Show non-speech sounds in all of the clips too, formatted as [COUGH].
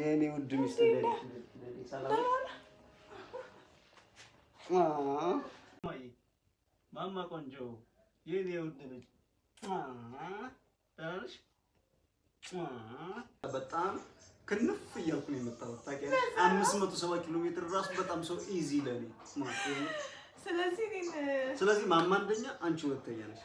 የኔ ውድ ሚስት ማማ ቆንጆ የኔ ውድ ልጅ በጣም ክንፍ እያልኩ ነው የመጣሁት። ታውቂያለሽ፣ አምስት መቶ ሰባ ኪሎ ሜትር ራሱ በጣም ሰው ኢዚ ለኔ። ስለዚህ ማማ አንደኛ፣ አንቺ ሁለተኛ ነሽ።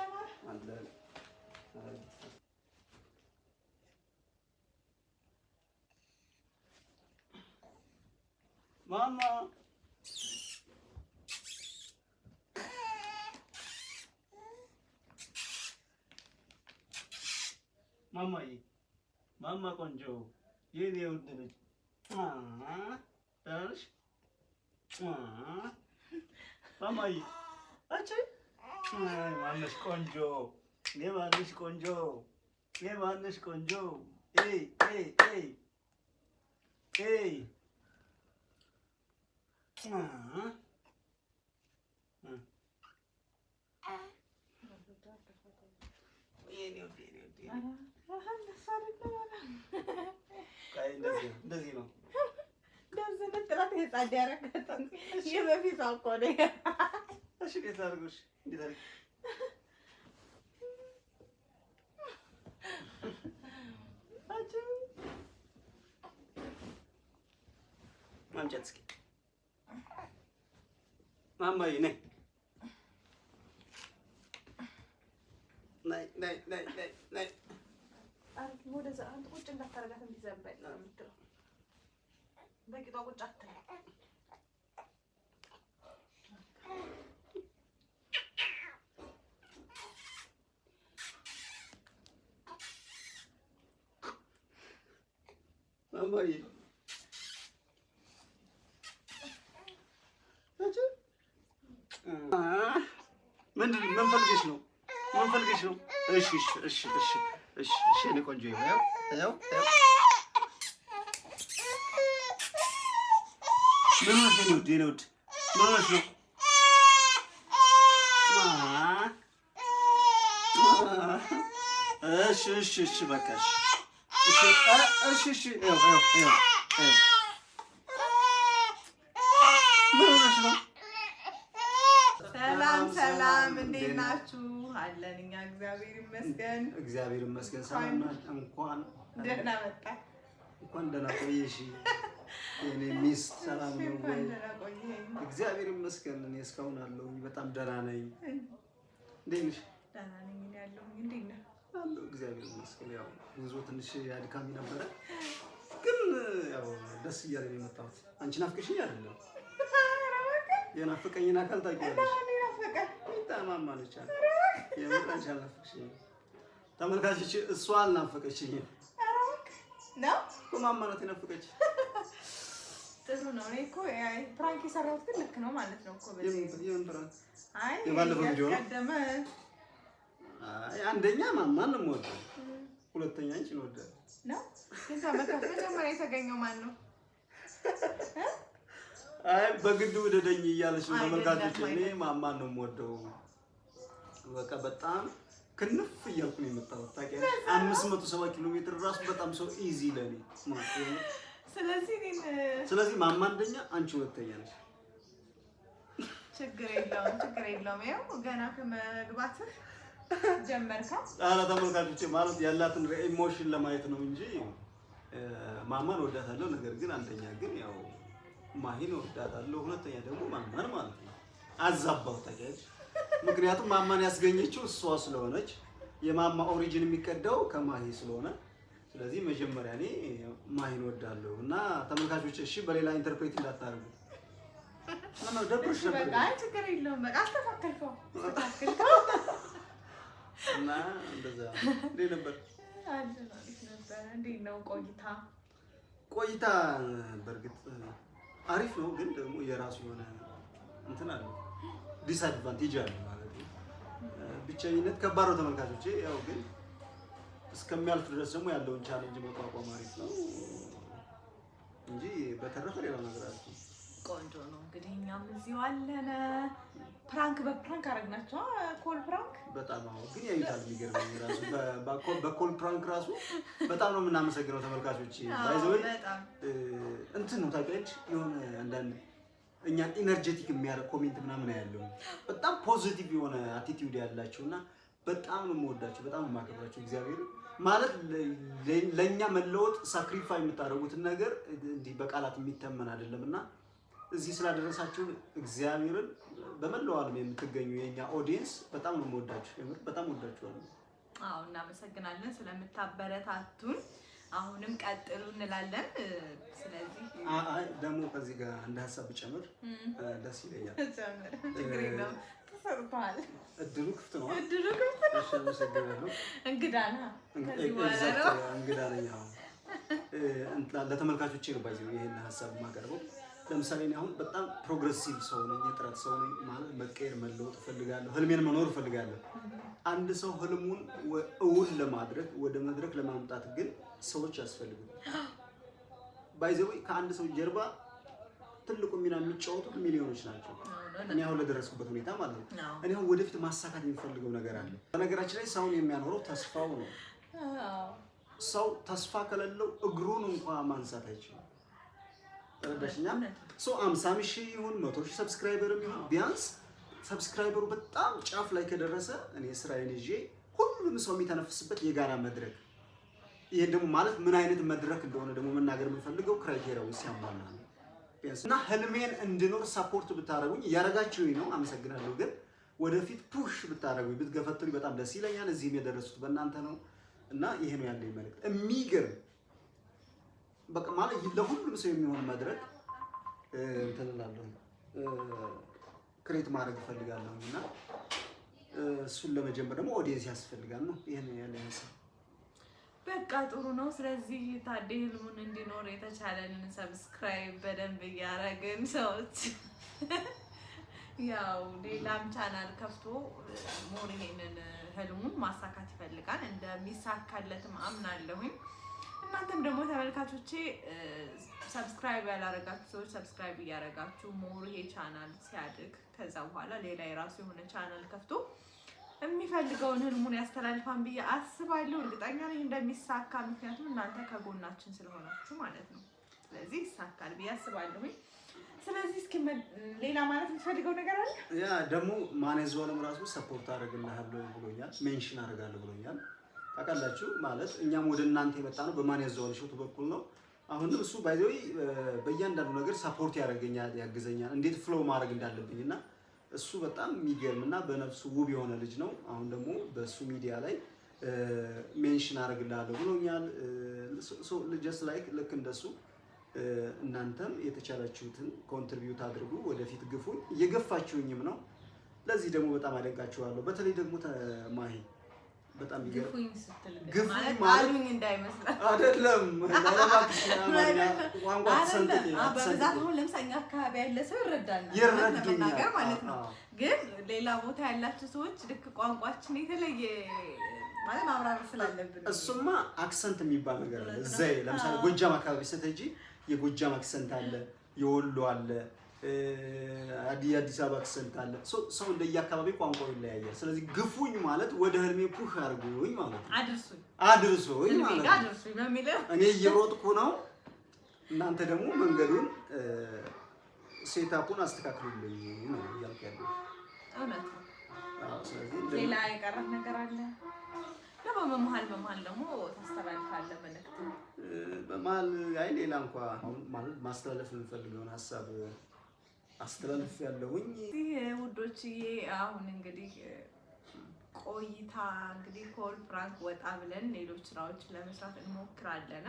ማማዬ ማማ ቆንጆ የኔ ውድ ልጅ ደህና ነሽ ማማዬ? አንቺ ማነሽ ቆንጆ የማነሽ ቆንጆ የማነሽ ቆንጆ የኔ ውድ የኔ ውድ እንደዚህ ነው። ደብዘነጥላት እሺ እንዴት አድርጎሽ እንዴት እስኪ ማማዬ ነይ ቂጧ ቁጭ አትል። ምንድን ምን ፈልገሽ ነው? ምን ፈልገሽ ነው? እሺ እሺ እሺ እሺ እሺ እሺ እኔ ቆንጆ ይኸው ይኸው ምን የኔ ውድ ማማሽ ነው። እሺ እሺ እሺ በቃ እሺ እሺ እሺ ሰላም ሰላም፣ እንዴት ናችሁ? አለን እኛ እግዚአብሔር ይመስገን፣ እግዚአብሔር ይመስገን። ሰላም ናችሁ? እንኳን ደህና መጣ፣ እንኳን ደህና ቆየሽ። የኔ ሚስት ሰላም ነው ወይ? እግዚአብሔር ይመስገን እኔ እስካሁን አለሁኝ። በጣም ደህና ነኝ። እንዴት ነሽ? ደህና ነኝ ያለሁኝ። እንዴት ነህ? አለሁ እግዚአብሔር ይመስገን። ያው ጉዞ ትንሽ አድካሚ ነበረ፣ ግን ያው ደስ እያለኝ የመጣሁት አንቺ ናፍቀሽኝ አይደለም? የናፍቀኝን አካል ታውቂያለሽ። ታማማ ነች አለ እሷ አልናፈቀችኝም ነው እኮ ማማ ጥሩ ነው። እኮ ፕራንክ የሰራሁት ግን ልክ ነው ማለት ነው እኮ ቀደመ። አንደኛ ማን ነው የምወደው? ሁለተኛ አንቺን እወዳለሁ ነው። መጀመሪያ የተገኘው ማን ነው? አይ በግድ ውደደኝ እያለች ተመልካቾች፣ እኔ ማማን ነው የምወደው። በቃ በጣም ክንፍ እያልኩ ነው የመጣሁት። ታውቂያለሽ፣ አምስት መቶ ሰባ ኪሎ ሜትር ራሱ በጣም ሰው ኢዚ ለኔ ስለዚህ ማማ አንደኛ፣ አንቺ ሁለተኛ ነሽ። ችግር የለውም ችግር የለውም። ያው ገና ከመግባት ጀመርካት። ኧረ ተመልካቾች ማለት ያላትን ኢሞሽን ለማየት ነው እንጂ ማማን ወዳታለሁ። ነገር ግን አንደኛ ግን ያው ማሂን ወዳታለሁ፣ ሁለተኛ ደግሞ ማማን ማለት ነው። አዛባው ተገጅ። ምክንያቱም ማማን ያስገኘችው እሷ ስለሆነች የማማ ኦሪጂን የሚቀዳው ከማሂ ስለሆነ ስለዚህ መጀመሪያ እኔ ማሂን ወዳለሁ እና ተመልካቾች፣ እሺ በሌላ ኢንተርፕሬት እንዳታደርጉ። ደብሮሽ ነበር። ችግር የለውም በቃ አስተካከልከው እና እንደዛ ነበር። እንዴት ነው ቆይታ? ቆይታ በእርግጥ አሪፍ ነው፣ ግን ደግሞ የራሱ የሆነ እንትን አለው፣ ዲስአድቫንቴጅ አለው ማለት ነው። ብቸኝነት ከባድ ነው ተመልካቾቼ፣ ያው ግን እስከሚያልፍ ድረስ ደግሞ ያለውን ቻሌንጅ መቋቋም አሪፍ ነው እንጂ በተረፈ ሌላ ነገር አለ። ቆንጆ ነው እንግዲህ እኛም እዚሁ አለን። ፕራንክ በፕራንክ አደረግናቸው። ኮል ፕራንክ በጣም አዎ። ግን ያዩታል። የሚገርመኝ ራሱ በኮል ፕራንክ ራሱ በጣም ነው የምናመሰግነው ተመልካቾች። ባይዘወይ እንትን ነው ታውቂያለሽ፣ የሆነ አንዳንድ እኛ ኢነርጀቲክ የሚያደርግ ኮሜንት ምናምን ያለው በጣም ፖዚቲቭ የሆነ አቲቲዩድ ያላቸው እና በጣም ነው የምወዳቸው፣ በጣም የማከብራቸው እግዚአብሔር ማለት ለእኛ መለወጥ ሳክሪፋይ የምታደርጉትን ነገር እንዲህ በቃላት የሚተመን አይደለም እና እዚህ ስላደረሳችሁ እግዚአብሔርን በመላው ዓለም የምትገኙ የኛ ኦዲየንስ በጣም ነው የምወዳችሁ። የምር በጣም ወዳችኋለሁ። አዎ እናመሰግናለን ስለምታበረታቱን። አሁንም ቀጥሉ እንላለን። ስለዚህ ደግሞ ከዚህ ጋር እንደ ሀሳብ ጨምር ደስ ይለኛል። ሰጥቷል። እድሉ ክፍት ነው። እድሉ ክፍት ነው። እንግዳ ነህ። ለተመልካቾች ነው ሀሳብ የማቀርበው። ለምሳሌ እኔ አሁን በጣም ፕሮግሬሲቭ ሰው ነኝ፣ የጥረት ሰው ነኝ። ማለት መቀየር፣ መለወጥ እፈልጋለሁ። ህልሜን መኖር እፈልጋለሁ። አንድ ሰው ህልሙን እውን ለማድረግ ወደ መድረክ ለማምጣት ግን ሰዎች ያስፈልጉታል። ባይዘዌ ከአንድ ሰው ጀርባ ትልቁ ሚና የሚጫወቱት ሚሊዮኖች ናቸው። እኔ አሁን ለደረስኩበት ሁኔታ ማለት ነው። እኔ አሁን ወደፊት ማሳካት የሚፈልገው ነገር አለ። በነገራችን ላይ ሰውን የሚያኖረው ተስፋው ነው። ሰው ተስፋ ከሌለው እግሩን እንኳ ማንሳት አይችልም። ተረዳሽኛ? ሰው አምሳ ሺ ይሁን መቶ ሰብስክራይበር ይሁን ቢያንስ ሰብስክራይበሩ በጣም ጫፍ ላይ ከደረሰ እኔ ስራዬን ይዤ ሁሉም ሰው የሚተነፍስበት የጋራ መድረክ ይሄን ደግሞ ማለት ምን አይነት መድረክ እንደሆነ ደግሞ መናገር የምንፈልገው ክራይቴሪያውን ሲያሟላ ነው። ቢያንስ እና ህልሜን እንድኖር ሰፖርት ብታደረጉኝ ያደረጋችሁ ነው። አመሰግናለሁ። ግን ወደፊት ፑሽ ብታደረጉኝ ብትገፈትሩኝ በጣም ደስ ይለኛል። እዚህም የደረሱት በእናንተ ነው እና ይሄ ነው ያለኝ መልዕክት። የሚገርም በቃ ማለት ለሁሉም ሰው የሚሆን መድረክ እንትን እላለሁ ክሬት ማድረግ እፈልጋለሁ እና እሱን ለመጀመር ደግሞ ኦዲየንስ ያስፈልጋል ነው። ይሄን ያለ ሀሳብ በቃ ጥሩ ነው። ስለዚህ ታዴ ህልሙን እንዲኖር የተቻለንን ሰብስክራይብ በደንብ እያረግን ሰዎች [LAUGHS] ያው ሌላም ቻናል ከፍቶ ሞር ይሄንን ህልሙን ማሳካት ይፈልጋል እንደሚሳካለትም አምናለሁኝ። እናንተም ደግሞ ተመልካቾቼ ሰብስክራይብ ያላረጋችሁ ሰዎች ሰብስክራይብ እያረጋችሁ ሞር ይሄ ቻናል ሲያድግ ከዛ በኋላ ሌላ የራሱ የሆነ ቻናል ከፍቶ የሚፈልገውን ህልሙን ያስተላልፋን ብዬ አስባለሁ። እርግጠኛ ነኝ እንደሚሳካ፣ ምክንያቱም እናንተ ከጎናችን ስለሆናችሁ ማለት ነው። ስለዚህ ይሳካል ብዬ አስባለሁ። ስለዚህ እስኪ ሌላ ማለት የምትፈልገው ነገር አለ? ያ ደግሞ ማኔዝ ማኔዝዋለም ራሱ ሰፖርት አደርግልሃለሁ ብሎኛል፣ ሜንሽን አደርጋለሁ ብሎኛል። ታውቃላችሁ ማለት እኛም ወደ እናንተ የመጣ ነው በማኔዝ በማኔዝዋል ሾቱ በኩል ነው። አሁንም እሱ ባይዘወይ በእያንዳንዱ ነገር ሰፖርት ያደርገኛል፣ ያግዘኛል እንዴት ፍሎው ማድረግ እንዳለብኝ እና እሱ በጣም የሚገርም እና በነፍሱ ውብ የሆነ ልጅ ነው። አሁን ደግሞ በእሱ ሚዲያ ላይ ሜንሽን አድርግላለሁ ብሎኛል። ጀስት ላይክ ልክ እንደሱ እናንተም የተቻላችሁትን ኮንትሪቢዩት አድርጉ፣ ወደፊት ግፉኝ። እየገፋችሁኝም ነው። ለዚህ ደግሞ በጣም አደንቃችኋለሁ። በተለይ ደግሞ ማሄ። በጣም ግፉኝ ስትል ግፉኝ [LAUGHS] አካባቢ ያለ ሰው ይረዳናል ለመናገር ማለት ነው። ግን ሌላ ቦታ ያላቸው ሰዎች ልክ ቋንቋችን የተለየ ማለት ማብራሪያ ስላለብን እሱማ አክሰንት የሚባል ነገር አለ። ለምሳሌ ጎጃም አካባቢ ስትሄጂ የጎጃም አክሰንት አለ፣ የወሎ አለ የአዲስ አበባ ክሰንት አለ። ሰው እንደየአካባቢ ቋንቋ ይለያያል። ስለዚህ ግፉኝ ማለት ወደ ህልሜ ፑሽ አድርጉኝ ማለት ነው። አድርሱኝ ማለት ነው። እኔ እየሮጥኩ ነው፣ እናንተ ደግሞ መንገዱን ሴታፑን አስተካክሉልኝ ነው እያልኩ ያለው። ሌላ የቀረህ ነገር አለ? በመሀል በመሀል ደግሞ ታስተላልፋለህ መልዕክት? በመሀል አይ ሌላ እንኳ ማለት ማስተላለፍ የምፈልገውን ሀሳብ አስተላልፍ ያለውኝ ውዶችዬ። አሁን እንግዲህ ቆይታ እንግዲህ ኮል ፍራንክ ወጣ ብለን ሌሎች ስራዎች ለመስራት እንሞክራለን።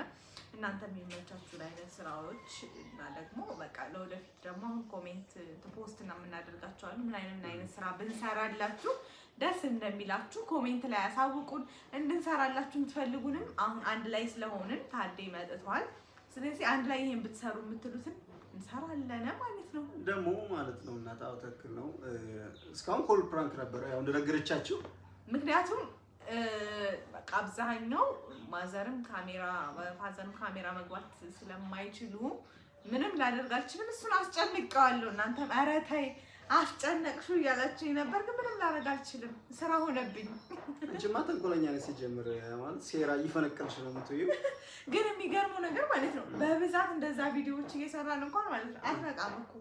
እናንተም የሚመቻችሁን አይነት ስራዎች እና ደግሞ በቃ ለወደፊት ደግሞ አሁን ኮሜንት ፖስት እና የምናደርጋቸዋለን ምን አይነት አይነት ስራ ብንሰራላችሁ ደስ እንደሚላችሁ ኮሜንት ላይ ያሳውቁን። እንድንሰራላችሁ የምትፈልጉንም አሁን አንድ ላይ ስለሆንን ታዴ መጥቷል። ስለዚህ አንድ ላይ ይሄን ብትሰሩ የምትሉትን እንሰራለን ማለት ነው። ደግሞ ማለት ነው እና ታው ትክክል ነው። እስካሁን ኮል ፕራንክ ነበረ ያው እንደነገረቻችሁ። ምክንያቱም በቃ አብዛኛው ማዘርም ካሜራ ፋዘርም ካሜራ መግባት ስለማይችሉ ምንም ላደርግ እሱን አስጨንቀዋለሁ። እናንተም ኧረ ተይ አስጨነቅሹ እያላችኝ ነበር፣ ግን ምንም ላደርግ አልችልም። ስራ ሆነብኝ። አንቺማ ተንኮለኛ ነሽ ሲጀምር ማለት ሴራ እየፈነቀልሽ ነው የምትይው። ግን የሚገርመው ነገር ማለት ነው በብዛት እንደዛ ቪዲዮዎች እየሰራን እንኳን ማለት ነው አትነቃም እኮ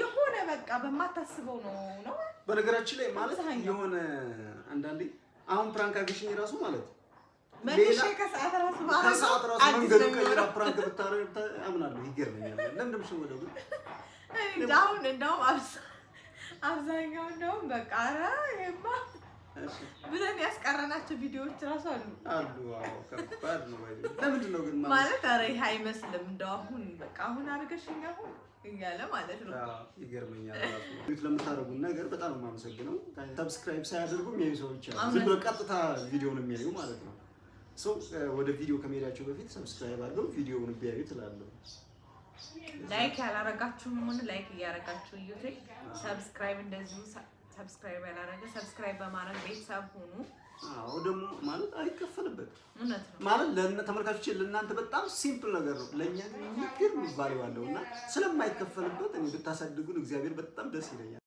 የሆነ በቃ በማታስበው ነው ነው። በነገራችን ላይ ማለት የሆነ አንዳንዴ አሁን ፕራንክ አድርገሽኝ ራሱ ። ማለት ፕራንክ ብታረግ አምናለሁ። ይገርመኛል። ለምንድን ነው የምትሸወደው? እንደውም አብሳ አብዛኛው እንደውም በቃ ኧረ ይሄማ ብለን ያስቀረናቸው ቪዲዮዎች እራሱ አሉ አሉ። አዎ ከባድ ነው። ለምንድን ነው ግን ማለት ኧረ ይሄ አይመስልም እንደው አሁን በቃ አሁን አድርገሽኝ አሁን እያለ ማለት ነው። ይገርመኛል። ለምታደርጉት ነገር በጣም ነው የማመሰግነው። ሰብስክራይብ ሳያደርጉም የሚያዩ ሰዎች አሉ። ዝም ብለው ቀጥታ ቪዲዮ የሚያዩ ማለት ነው። ሰው ወደ ቪዲዮ ከመሄዳቸው በፊት ሰብስክራይብ አድርገው ቪዲዮውን ቢያዩ ትላለህ። ላይክ ያላረጋችሁም ሆነ ላይክ እያረጋችሁ እዩት። ሰብስክራይብ እንደዚሁ ሰብስክራይብ ያላረገ ሰብስክራይብ በማድረግ ቤተሰብ ሆኑ። አዎ ደግሞ ማለት አይከፈልበት እውነት ነው ማለት ለእናንተ በጣም ሲምፕል ነገር ነው፣ ለእኛ ግን የሚገርም ባለው እና ስለማይከፈልበት እኔ ብታሳድጉን እግዚአብሔር በጣም ደስ ይለኛል።